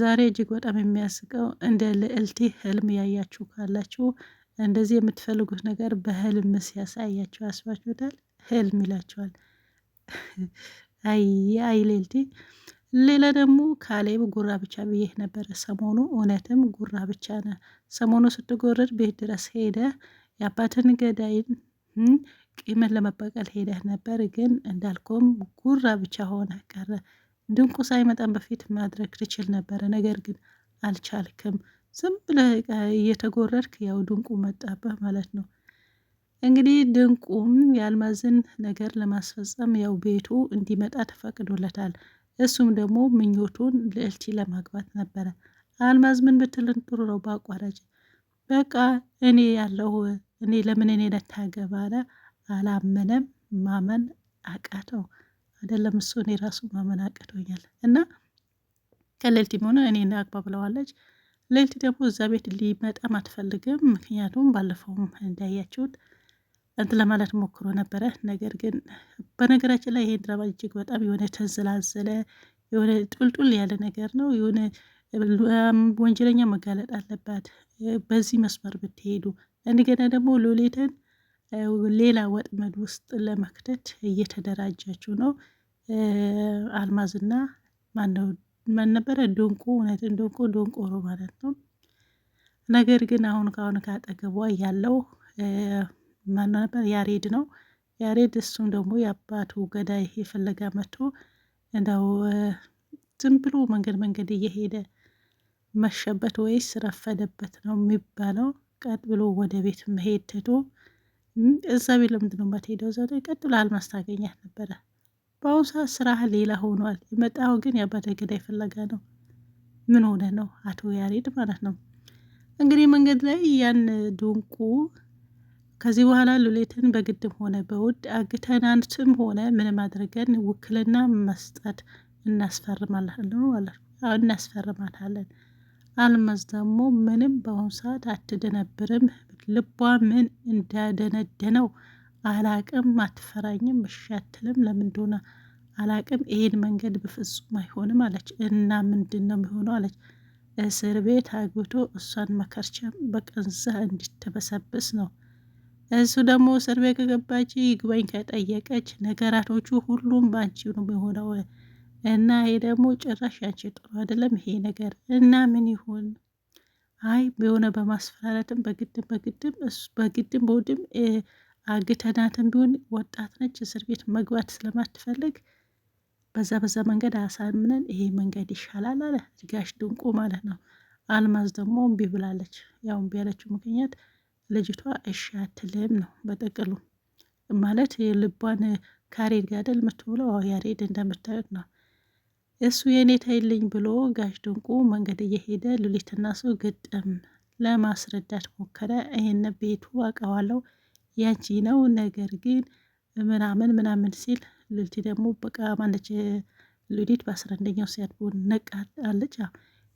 ዛሬ እጅግ በጣም የሚያስቀው እንደ ልዕልቴ ህልም ያያችሁ ካላችሁ እንደዚህ የምትፈልጉት ነገር በህልም ሲያሳያችሁ ያስባችሁታል። ህልም ይላችኋል። አይ ልዕልቴ። ሌላ ደግሞ ካሌብ ጉራ ብቻ ብዬ ነበረ ሰሞኑ። እውነትም ጉራ ብቻ ነ ሰሞኑ ስትጎርድ ቤት ድረስ ሄደ የአባትን ገዳይን ቂምን ለመበቀል ሄደህ ነበር፣ ግን እንዳልኩም ጉራ ብቻ ሆነ ቀረ። ድንቁ ሳይመጣን በፊት ማድረግ ትችል ነበረ፣ ነገር ግን አልቻልክም። ዝም ብለህ እየተጎረድክ ያው ድንቁ መጣብህ ማለት ነው። እንግዲህ ድንቁም የአልማዝን ነገር ለማስፈጸም ያው ቤቱ እንዲመጣ ተፈቅዶለታል። እሱም ደግሞ ምኞቱን ልዕልቲ ለማግባት ነበረ። አልማዝ ምን ብትልን ጥሩ ነው፣ በአቋራጭ በቃ እኔ ያለው እኔ ለምን እኔ ነታገባለ አላመነም። ማመን አቃተው። አይደለም እሱ እኔ ራሱ ማመን አቅቶኛል። እና ከሌልቲ መሆኑ እኔን አግባ ብለዋለች። ሌልቲ ደግሞ እዛ ቤት ሊመጣም አትፈልግም። ምክንያቱም ባለፈውም እንዳያችሁት እንትን ለማለት ሞክሮ ነበረ። ነገር ግን በነገራችን ላይ ይሄን ድራማ እጅግ በጣም የሆነ ተንዘላዘለ የሆነ ጡልጡል ያለ ነገር ነው። የሆነ ወንጀለኛ መጋለጥ አለባት በዚህ መስመር ብትሄዱ፣ እንደገና ደግሞ ሎሌትን ሌላ ወጥመድ ውስጥ ለመክተት እየተደራጃችሁ ነው። አልማዝና ማነው ማን ነበረ ዶንቆ እውነት ዶንቆ ዶንቆሮ ማለት ነው። ነገር ግን አሁን ከአሁን ካጠገቧ ያለው ማን ነበር ያሬድ ነው። ያሬድ እሱም ደግሞ የአባቱ ገዳይ የፈለገ መቶ እንደው ዝም ብሎ መንገድ መንገድ እየሄደ መሸበት ወይስ ረፈደበት ነው የሚባለው። ቀጥ ብሎ ወደ ቤት መሄድ ትቶ እዛ ቤት ለምንድነው የማትሄደው? እዛ ላይ ቀጥ ብላ አልማዝ ታገኛት ነበረ። በአሁኑ ሰዓት ስራህ ሌላ ሆኗል። የመጣው ግን የአባተ ገዳይ ፍለጋ ነው። ምን ሆነ ነው አቶ ያሬድ ማለት ነው። እንግዲህ መንገድ ላይ ያን ድንቁ ከዚህ በኋላ ሉሌትን በግድም ሆነ በውድ አግተናንትም ሆነ ምንም አድርገን ውክልና መስጠት እናስፈርማታለን። አልማዝ ደግሞ ምንም በአሁኑ ሰዓት አትደነብርም። ልቧ ምን እንዳደነደነው አላቅም፣ አትፈራኝም፣ እሺ አትልም። ለምን እንደሆነ አላቅም። ይሄን መንገድ በፍጹም አይሆንም አለች። እና ምንድን ነው የሚሆነው አለች። እስር ቤት አግብቶ እሷን መከርቸም በቀንዛ እንድትበሰብስ ነው። እሱ ደግሞ እስር ቤት ከገባች ይግባኝ ከጠየቀች ነገራቶቹ ሁሉም በአንቺ ነው የሆነው እና ይሄ ደግሞ ጭራሽ ያንቺ ጥሩ አይደለም ይሄ ነገር እና ምን ይሁን? አይ የሆነ በማስፈራረትም በግድም በግድም በግድም በውድም አግተናትም ቢሆን ወጣት ነች፣ እስር ቤት መግባት ስለማትፈልግ በዛ በዛ መንገድ አሳምነን ይሄ መንገድ ይሻላል አለ ጋሽ ድንቁ ማለት ነው። አልማዝ ደግሞ እምቢ ብላለች። ያው እምቢ ያለችው ምክንያት ልጅቷ እሺ አትልም ነው በጥቅሉ ማለት የልቧን ካሬድ ጋደል የምትውለው ያሬድ እንደምታዩት ነው። እሱ የእኔ ታይልኝ ብሎ ጋሽ ድንቁ መንገድ እየሄደ ሉሊትና ሰው ግጥም ለማስረዳት ሞከረ። ይሄን ቤቱ አውቀዋለሁ ያንቺ ነው ነገር ግን ምናምን ምናምን ሲል ልልቲ ደግሞ በቃ ማለች ሉዲት በአስራ አንደኛው ሲያድ ነቃ አለች።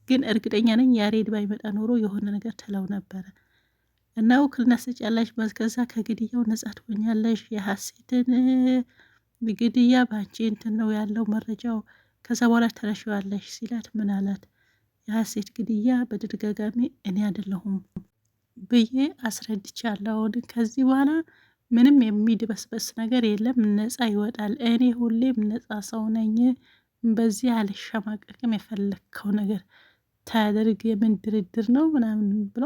ግን እርግጠኛ ነኝ ያሬድ ባይመጣ ኖሮ የሆነ ነገር ትለው ነበረ እና ውክልና ስጫለሽ ከዛ ከግድያው ነጻ ትሆኛለሽ። የሀሴትን ግድያ በአንቺ እንትን ነው ያለው መረጃው። ከዛ በኋላ ተረሽዋለሽ ሲላት ምን አላት? የሀሴት ግድያ በተደጋጋሚ እኔ አይደለሁም ብዬ አስረድቻለሁን። ከዚህ በኋላ ምንም የሚድበስበስ ነገር የለም፣ ነፃ ይወጣል። እኔ ሁሌም ነፃ ሰው ነኝ። በዚህ አልሸማቀቅም። የፈለግከው ነገር ታደርግ፣ የምን ድርድር ነው ምናምን ብሎ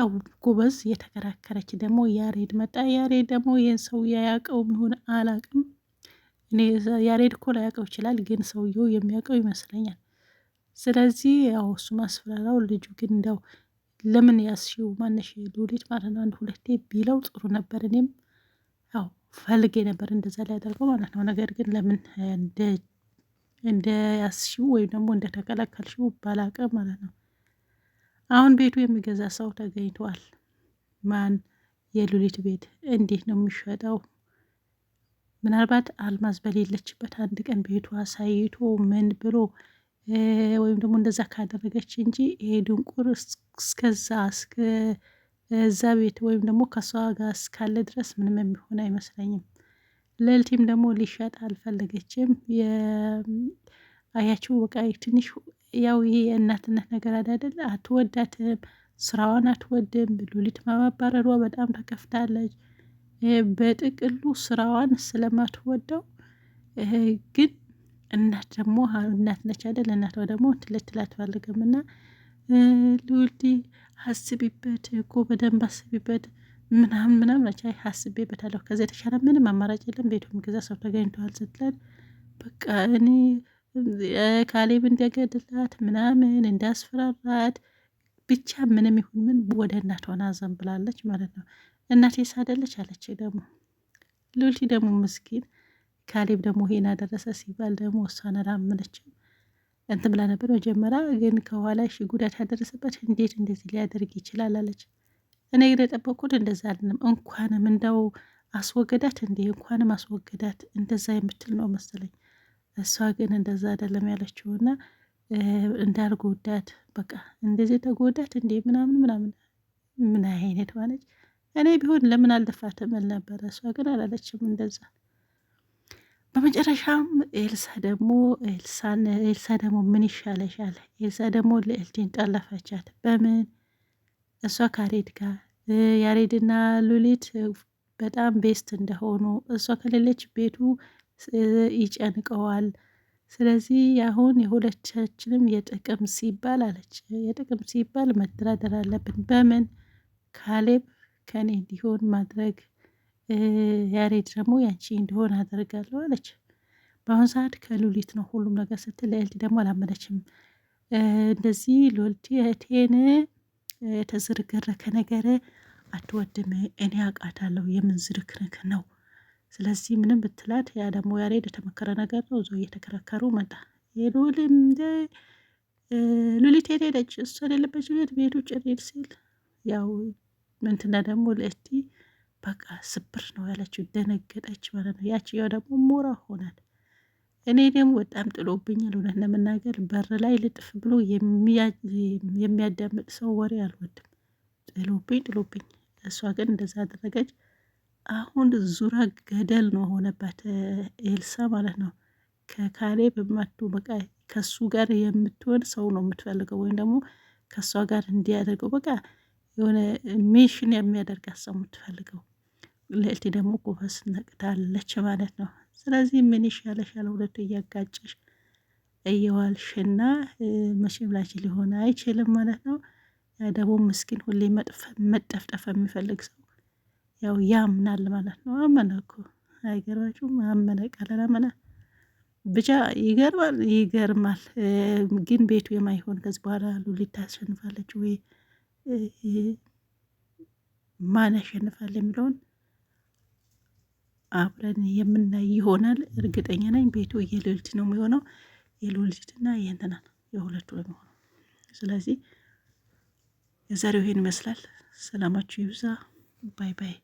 ያው ጎበዝ እየተከራከረች ደግሞ ያሬድ መጣ። ያሬድ ደግሞ ይህን ሰው ያያውቀው ይሁን አላውቅም። እኔ ያሬድ እኮ ላያውቀው ይችላል፣ ግን ሰውየው የሚያውቀው ይመስለኛል። ስለዚህ ያው እሱ ማስፈራራው ልጁ ግን እንደው ለምን ያስሽው ማነሽ ሉሊት ማለት ነው አንድ ሁለቴ ቢለው ጥሩ ነበር። እኔም ያው ፈልጌ ነበር እንደዛ ላይ ያደርገው ማለት ነው። ነገር ግን ለምን እንደ ያስሽው ወይም ደግሞ እንደተከላከልሽው ባላቀ ማለት ነው። አሁን ቤቱ የሚገዛ ሰው ተገኝቷል። ማን? የሉሊት ቤት እንዴት ነው የሚሸጠው? ምናልባት አልማዝ በሌለችበት አንድ ቀን ቤቷ አሳይቶ ምን ብሎ ወይም ደግሞ እንደዛ ካደረገች እንጂ ይሄ ድንቁር እስከዛ እዛ ቤት ወይም ደግሞ ከሷ ጋር እስካለ ድረስ ምንም የሚሆን አይመስለኝም። ለልቲም ደግሞ ሊሸጥ አልፈለገችም። አያቸው በቃ ትንሽ ያው ይሄ የእናትነት ነገር አዳደል አትወዳትም፣ ስራዋን አትወድም። ሉሊት በመባረሯ በጣም ተከፍታለች። በጥቅሉ ስራዋን ስለማትወደው ግን እናት ደግሞ እናት ነች አይደል? እናቷ ደግሞ ልትል አትፈልግም። እና ልውልዲ አስቢበት እኮ በደንብ አስቢበት ምናምን ምናምን ነች። አይ አስቤበታለሁ፣ ከዚያ የተሻለ ምንም አማራጭ የለም፣ ቤቱም ገዛ ሰው ተገኝተዋል ስትለን በቃ እኔ ካሌብ እንዲያገድላት ምናምን እንዳስፈራራት ብቻ ምንም ይሁን ምን ወደ እናት ሆና ዘንብላለች ማለት ነው። እናቴስ አይደለች አለች ደግሞ ሉልቲ ደግሞ ምስኪን ካሌብ ደግሞ ይሄን አደረሰ ሲባል ደግሞ እሷን አላመነችም። እንትን ብላ ነበር መጀመሪያ፣ ግን ከኋላ ሺ ጉዳት ያደረሰበት እንዴት እንደዚህ ሊያደርግ ይችላል አለች። እኔ ግን የጠበቅኩት እንደዛ አይደለም። እንኳንም እንደው አስወገዳት እንዴ እንኳንም አስወገዳት እንደዛ የምትል ነው መሰለኝ። እሷ ግን እንደዛ አይደለም ያለችው ያለችውና እንዳልጎዳት በቃ እንደዚህ ተጎዳት እንዴ ምናምን ምናምን ምን አይነት ማለች። እኔ ቢሆን ለምን አልደፋትም እል ነበረ። እሷ ግን አላለችም እንደዛ በመጨረሻም ኤልሳ ደግሞ ኤልሳን ኤልሳ ደግሞ ምን ይሻለሻል? ኤልሳ ደግሞ ልዕልትን ጠለፈቻት። በምን እሷ ካሬድ ጋር ያሬድና ሉሊት በጣም ቤስት እንደሆኑ እሷ ከሌለች ቤቱ ይጨንቀዋል። ስለዚህ አሁን የሁለታችንም የጥቅም ሲባል አለች፣ የጥቅም ሲባል መደራደር አለብን። በምን ካሌብ ከኔ እንዲሆን ማድረግ ያሬድ ደግሞ ያንቺ እንዲሆን አደርጋለሁ አለች። በአሁን ሰዓት ከሉሊት ነው ሁሉም ነገር ስትል ልዕልት ደግሞ አላመነችም። እንደዚህ ሉሊት እህቴን የተዝረከረከ ነገር አትወድም፣ እኔ አውቃታለሁ የምንዝርክርክ ነው። ስለዚህ ምንም ብትላት ያ ደግሞ ያሬድ የተመከረ ነገር ነው። እዚያው እየተከረከሩ መጣ። የሉል እንደ ሉሊት የት ሄደች? እሷ የሌለበት ቤት ቤቱ ጭሪል ሲል ያው ምንትና ደግሞ ልእቲ በቃ ስብር ነው ያለችው፣ ደነገጠች ማለት ነው። ያችኛው ደግሞ ሞራ ሆናል። እኔ ደግሞ በጣም ጥሎብኛል፣ እውነት ለመናገር በር ላይ ልጥፍ ብሎ የሚያዳምጥ ሰው ወሬ አልወድም። ጥሎብኝ ጥሎብኝ። እሷ ግን እንደዛ አደረገች። አሁን ዙራ ገደል ነው ሆነባት ኤልሳ ማለት ነው። ከካሌ በማቱ በቃ ከሱ ጋር የምትሆን ሰው ነው የምትፈልገው፣ ወይም ደግሞ ከእሷ ጋር እንዲያደርገው በቃ የሆነ ሜሽን የሚያደርጋት ሰው የምትፈልገው ልዕልት ደግሞ ጎበዝ ነቅታለች ማለት ነው። ስለዚህ ምን ይሻለሻል? ሁለቱ እያጋጨሽ እየዋልሽና መቼም ላች ሊሆን አይችልም ማለት ነው። ደግሞ ምስኪን ሁሌ መጠፍጠፍ የሚፈልግ ሰው ያው ያምናል ማለት ነው። አመነ እኮ አይገርማችሁም? አመነ ቀለል አመነ ብቻ ይገርማል፣ ይገርማል። ግን ቤቱ የማይሆን ከዚህ በኋላ ሉሊት ታሸንፋለች ወይ ማን ያሸንፋል የሚለውን አብረን የምናይ ይሆናል። እርግጠኛ ነኝ ቤቱ የልልት ነው የሚሆነው የልልትና የእንትና የሁለቱ ነው የሚሆነው። ስለዚህ የዛሬው ይሄን ይመስላል። ሰላማችሁ ይብዛ። ባይ ባይ